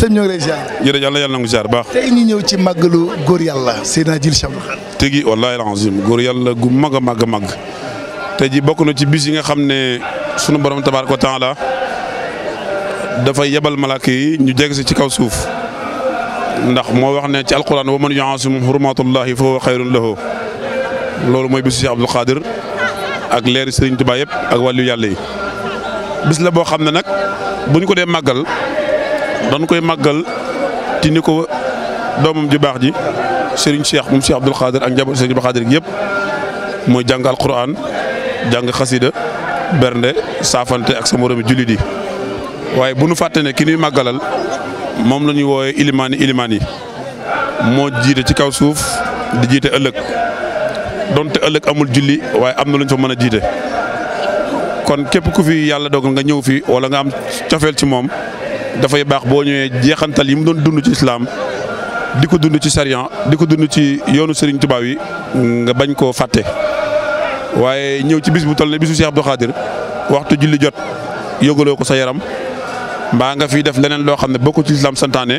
sëñ ñoo ngi lay ziar. jërëjëf yàlla yàlla baax. tey ñu ci màggalu góor yàlla Seydina Djily Cheikh góor yàlla gu mag a mag a ji bokk na ci bis yi nga xam ne sunu borom tabaaraka wa taala dafay yebal malaaka yi ñu jege ci kaw suuf ndax moo wax ne ci alquran wa man yuasim hurmatullahi fa huwa xayrun lahu loolu mooy bisu Cheikh Abdou Khadre ak leeri Serigne Touba yëpp ak wàllu yàlla yi bis la boo xam ne nag bu ñu ko dee màggal dañ koy màggal ci ko doomam ju baax ji Serigne Cheikh moom Cheikh Abdoul Khadir ak njaboot Serigne Abdoul Khadir yëpp mooy jàng alquran xasida bernde saafante ak sa moromi jullit yi waaye bu nu fàtte ne ki ñuy màggalal moom la ñuy wooyee ilimaan yi yi moo jiite ci kaw suuf di jiite ëllëg donte ëllëg amul julli waaye am na lu ñu fa mën a jiite kon képp ku fi yàlla dogal nga ñëw fi wala nga am cofeel ci moom. dafay baax boo ñëwee jeexantal yi mu doon dund ci islaam di ko dund ci sariyan di ko dund ci yoonu sëriñ Touba yi nga bañ koo fàtte waaye ñëw ci bis bu toll ne bisu Cheikh Abdou Khadir waxtu julli jot yëgaloo ko sa yaram mbaa nga fi def leneen loo xam ne bokkut ci lislaam santaane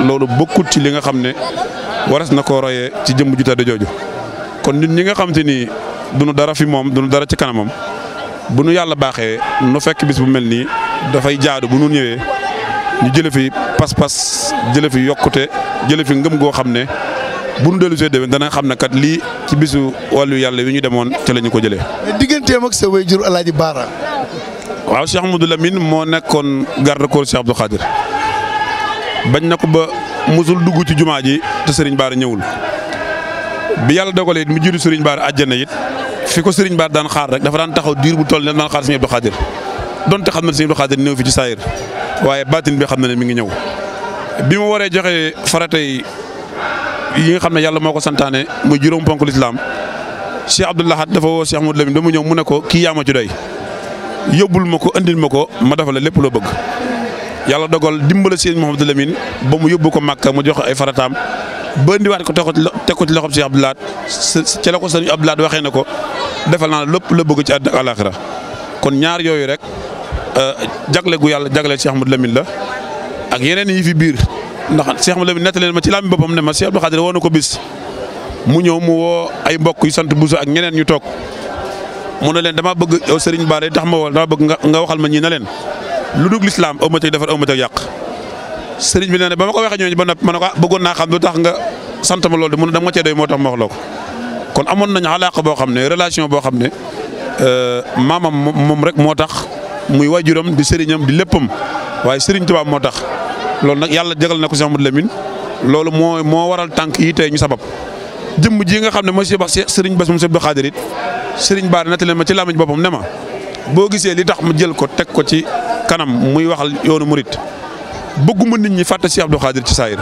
loolu bokkut ci li nga xam ne waras na koo royee ci jëmm ju tedd jooju. kon ñun ñi nga xam te ni duñu dara fi moom duñu dara ci kanamam bu nu yàlla baaxee nu fekk bis bu mel nii dafay jaadu bu nu ñëwee. ñu jële fi pas-pas jële fi yokkute jële fi ngëm goo xam ne bu nu dellu see dana xam ne kat lii ci bisu wàllu yàlla wi ñu demoon ca la ñu ko jëlee. digganteem ak sa waajur El Hadj Baara. waaw Cheikh Amadou Lamine moo nekkoon garde corps Cheikh Abdou Khadir bañ na ko ba musul dugg ci jumaa ji te sëriñ Baara ñëwul bi yàlla dogalee it mu jiitu Serigne Baara àjjana it fi ko Serigne baar daan xaar rek dafa daan taxaw diir bu toll ne daan xaar Serigne Abdou Khadir donte xam na Serigne Abdou waaye baatin bi xam na ne mi ngi ñëw bi mu waree joxe farata yi nga xam ne yàlla moo ko santaane mu juróom ponk lislaam Cheikh Abdou Lahad dafa woo Cheikh Modou Lamine ba mu ñëw mu ne ko kii yaa ma ci yóbbul ma ko andil ma ko ma defal lépp loo bëgg yàlla dogal dimbala sëñ Mouhamadou Lamine ba mu yóbbu ko Màkka mu joxe ay farataam ba indiwaat ko teg ko ci loxoom Cheikh Abdou Lahad ci la sëñ Abdou waxee na ko defal naa lépp la bëgg ci àddina ak kon ñaar yooyu rek. Euh, jagle gu yàlla jagleel Cheikh Ahmadou Lamine la ak yeneen yi fi biir ndax seex Cheikh Ahmadou Lamine leen ma ci laam boppam ne ma Cheikh Abdou Khadir woo na ko bis mu ñëw mu woo ay mbokk yu sant Bousso ak ñeneen ñu toog mu ne leen dama bëgg yow Serigne Bara tax ma woo dama bëgg nga waxal ma ñii na leen lu dugg lislaam aw ma tey defar aw ma tey yàq Serigne bi nee ba ma ko waxee ñooñu ba noppi ma ne ko ah, bëggoon naa xam lu tax nga sant ma lool de mu ne dama cee doy moo tax ma wax loo ko kon amoon nañu alaaka boo xam ne relation boo xam ne euh, moo tax muy waajuram di sëriñam di léppam waaye sëriñ Tuubaa moo tax loolu nag yàlla jagal na ko Cheikh Amadou Lamine loolu moo moo waral tànk yi tey ñu sabab jëmm jii nga xam ne monsieur Ba sëriñ Bass moom Abdou Khadir it sëriñ Ba nettali ma ci làmmiñ boppam ne ma boo gisee li tax ma jël ko teg ko ci kanam muy waxal yoonu murit bëgguma nit ñi fàtte Cheikh Abdou Khadir ci saayir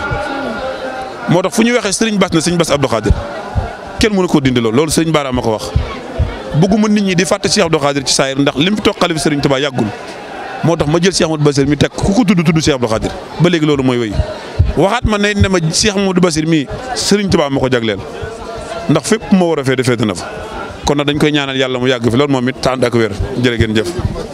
moo tax fu ñu weexee sëriñ Bass na sëriñ bas Abdou Khadir kenn mënu ko dindi loolu loolu sëriñ Bara ma ko wax. bëgguma nit ñi di fàtte Cheikh Abdou Khadir ci saayir ndax lim fi toog xalifa Serigne Touba yàggul moo tax ma jël Cheikh Modou Basir mi teg ku ko tudd tudd Cheikh Abdou Khadir ba léegi loolu mooy wéy waxaat ma ne ne ma Cheikh Modou Basir mii Serigne Touba ma ko jagleel ndax fépp moo war a fee defee dina fa kon na dañ koy ñaanal yàlla mu yàgg fi loolu moom it tànd ak wér jërë geen jëf